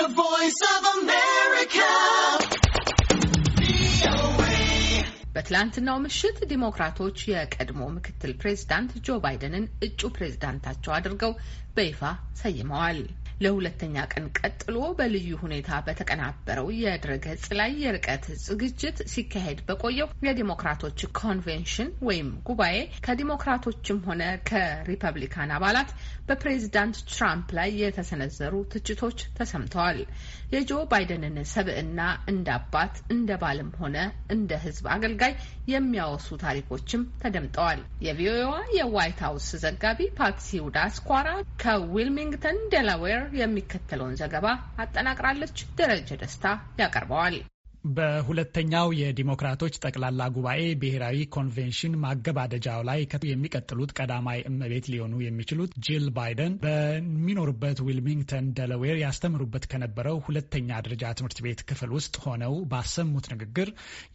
The Voice of America. በትላንትናው ምሽት ዲሞክራቶች የቀድሞ ምክትል ፕሬዝዳንት ጆ ባይደንን እጩ ፕሬዝዳንታቸው አድርገው በይፋ ሰይመዋል። ለሁለተኛ ቀን ቀጥሎ በልዩ ሁኔታ በተቀናበረው የድረገጽ ላይ የርቀት ዝግጅት ሲካሄድ በቆየው የዲሞክራቶች ኮንቬንሽን ወይም ጉባኤ ከዲሞክራቶችም ሆነ ከሪፐብሊካን አባላት በፕሬዚዳንት ትራምፕ ላይ የተሰነዘሩ ትችቶች ተሰምተዋል። የጆ ባይደንን ሰብዕና እንደ አባት እንደ ባልም ሆነ እንደ ሕዝብ አገልጋይ የሚያወሱ ታሪኮችም ተደምጠዋል። የቪኦኤዋ የዋይት ሀውስ ዘጋቢ ፓትሲ ውዳስኳራ ከዊልሚንግተን ዴላዌር የሚከተለውን ዘገባ አጠናቅራለች። ደረጀ ደስታ ያቀርበዋል። በሁለተኛው የዲሞክራቶች ጠቅላላ ጉባኤ ብሔራዊ ኮንቬንሽን ማገባደጃው ላይ የሚቀጥሉት ቀዳማይ እመቤት ሊሆኑ የሚችሉት ጂል ባይደን በሚኖሩበት ዊልሚንግተን ደለዌር ያስተምሩበት ከነበረው ሁለተኛ ደረጃ ትምህርት ቤት ክፍል ውስጥ ሆነው ባሰሙት ንግግር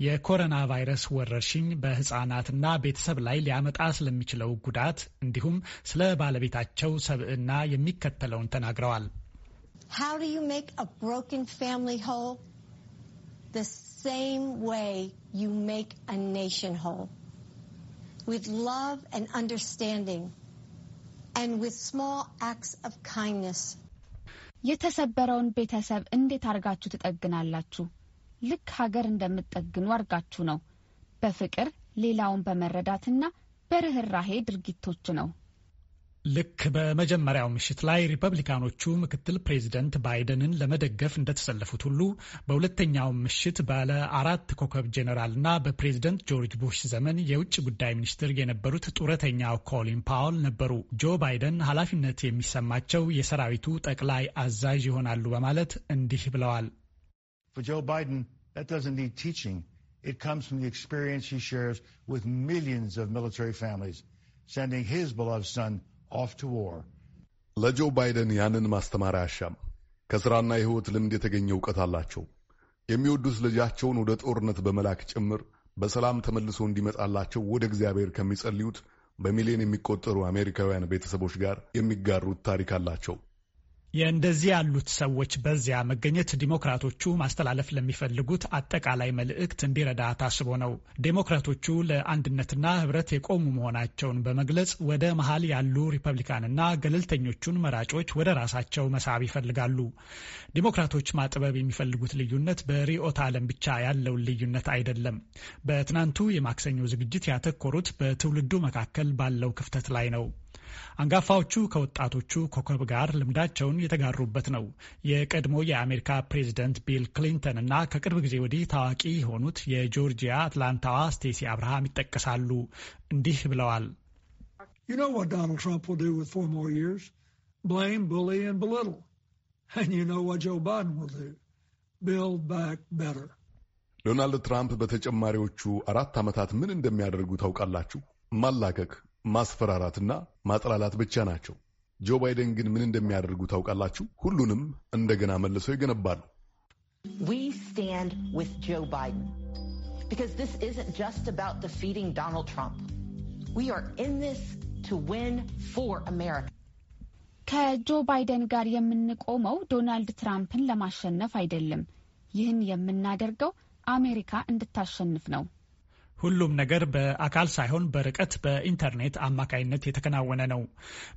የኮሮና ቫይረስ ወረርሽኝ በህጻናትና ቤተሰብ ላይ ሊያመጣ ስለሚችለው ጉዳት እንዲሁም ስለ ባለቤታቸው ሰብዕና የሚከተለውን ተናግረዋል። How do you make a broken family whole? the same way you make a nation whole with love and understanding and with small acts of kindness. የተሰበረውን ቤተሰብ እንዴት አድርጋችሁ ትጠግናላችሁ? ልክ ሀገር እንደምትጠግኑ አድርጋችሁ ነው። በፍቅር ሌላውን በመረዳትና በርህራሄ ድርጊቶች ነው። ልክ በመጀመሪያው ምሽት ላይ ሪፐብሊካኖቹ ምክትል ፕሬዚደንት ባይደንን ለመደገፍ እንደተሰለፉት ሁሉ በሁለተኛው ምሽት ባለ አራት ኮከብ ጄኔራልና በፕሬዚደንት ጆርጅ ቡሽ ዘመን የውጭ ጉዳይ ሚኒስትር የነበሩት ጡረተኛው ኮሊን ፓውል ነበሩ። ጆ ባይደን ኃላፊነት የሚሰማቸው የሰራዊቱ ጠቅላይ አዛዥ ይሆናሉ በማለት እንዲህ ብለዋል። ሚሊዮንስ ሚሊተሪ ፋሚሊስ ሰንዲንግ ሂዝ ለጆ ባይደን ያንን ማስተማር አያሻም። ከሥራና የሕይወት ልምድ የተገኘ እውቀት አላቸው። የሚወዱት ልጃቸውን ወደ ጦርነት በመላክ ጭምር በሰላም ተመልሶ እንዲመጣላቸው ወደ እግዚአብሔር ከሚጸልዩት በሚሊዮን የሚቆጠሩ አሜሪካውያን ቤተሰቦች ጋር የሚጋሩት ታሪክ አላቸው። የእንደዚህ ያሉት ሰዎች በዚያ መገኘት ዲሞክራቶቹ ማስተላለፍ ለሚፈልጉት አጠቃላይ መልእክት እንዲረዳ ታስቦ ነው። ዴሞክራቶቹ ለአንድነትና ህብረት የቆሙ መሆናቸውን በመግለጽ ወደ መሀል ያሉ ሪፐብሊካንና ገለልተኞቹን መራጮች ወደ ራሳቸው መሳብ ይፈልጋሉ። ዲሞክራቶች ማጥበብ የሚፈልጉት ልዩነት በርዕዮተ ዓለም ብቻ ያለውን ልዩነት አይደለም። በትናንቱ የማክሰኞ ዝግጅት ያተኮሩት በትውልዱ መካከል ባለው ክፍተት ላይ ነው። አንጋፋዎቹ ከወጣቶቹ ኮከብ ጋር ልምዳቸውን የተጋሩበት ነው። የቀድሞ የአሜሪካ ፕሬዚደንት ቢል ክሊንተን እና ከቅርብ ጊዜ ወዲህ ታዋቂ የሆኑት የጆርጂያ አትላንታዋ ስቴሲ አብርሃም ይጠቀሳሉ። እንዲህ ብለዋል። ዶናልድ ትራምፕ በተጨማሪዎቹ አራት ዓመታት ምን እንደሚያደርጉ ታውቃላችሁ? ማላቀቅ፣ ማስፈራራትና ማጥላላት ብቻ ናቸው። ጆ ባይደን ግን ምን እንደሚያደርጉ ታውቃላችሁ? ሁሉንም እንደገና መልሰው ይገነባሉ። ከጆ ባይደን ጋር የምንቆመው ዶናልድ ትራምፕን ለማሸነፍ አይደለም። ይህን የምናደርገው አሜሪካ እንድታሸንፍ ነው። ሁሉም ነገር በአካል ሳይሆን በርቀት በኢንተርኔት አማካይነት የተከናወነ ነው።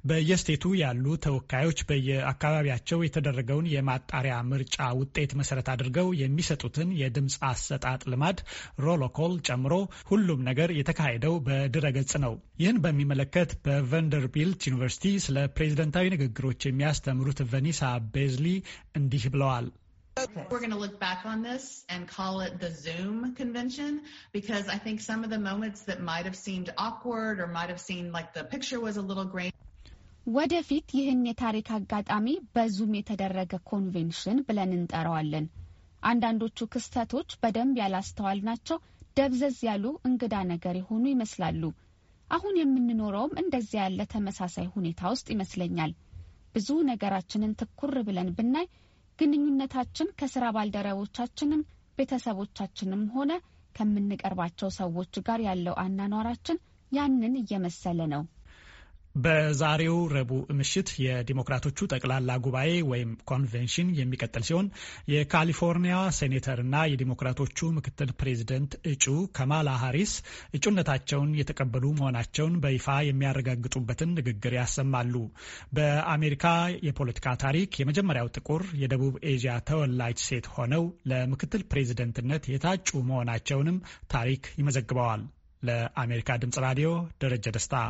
በየስቴቱ ያሉ ተወካዮች በየአካባቢያቸው የተደረገውን የማጣሪያ ምርጫ ውጤት መሰረት አድርገው የሚሰጡትን የድምፅ አሰጣጥ ልማድ ሮሎኮል ጨምሮ ሁሉም ነገር የተካሄደው በድረገጽ ነው። ይህን በሚመለከት በቨንደርቢልት ዩኒቨርሲቲ ስለ ፕሬዝደንታዊ ንግግሮች የሚያስተምሩት ቨኒሳ ቤዝሊ እንዲህ ብለዋል። Okay. We're going to look back on this and call it the Zoom convention because I think some of the moments that might have seemed awkward or might have seemed like the picture was a little grainy. ወደፊት ይህን የታሪክ አጋጣሚ በዙም የተደረገ ኮንቬንሽን ብለን እንጠራዋለን። አንዳንዶቹ ክስተቶች በደንብ ያላስተዋል ናቸው፣ ደብዘዝ ያሉ እንግዳ ነገር የሆኑ ይመስላሉ። አሁን የምንኖረውም እንደዚያ ያለ ተመሳሳይ ሁኔታ ውስጥ ይመስለኛል። ብዙ ነገራችንን ትኩር ብለን ብናይ ግንኙነታችን ከስራ ባልደረቦቻችንም ቤተሰቦቻችንም ሆነ ከምንቀርባቸው ሰዎች ጋር ያለው አናኗራችን ያንን እየመሰለ ነው። በዛሬው ረቡዕ ምሽት የዲሞክራቶቹ ጠቅላላ ጉባኤ ወይም ኮንቬንሽን የሚቀጥል ሲሆን የካሊፎርኒያ ሴኔተርና የዲሞክራቶቹ ምክትል ፕሬዚደንት እጩ ከማላ ሃሪስ እጩነታቸውን የተቀበሉ መሆናቸውን በይፋ የሚያረጋግጡበትን ንግግር ያሰማሉ። በአሜሪካ የፖለቲካ ታሪክ የመጀመሪያው ጥቁር የደቡብ ኤዥያ ተወላጅ ሴት ሆነው ለምክትል ፕሬዚደንትነት የታጩ መሆናቸውንም ታሪክ ይመዘግበዋል። ለአሜሪካ ድምፅ ራዲዮ ደረጀ ደስታ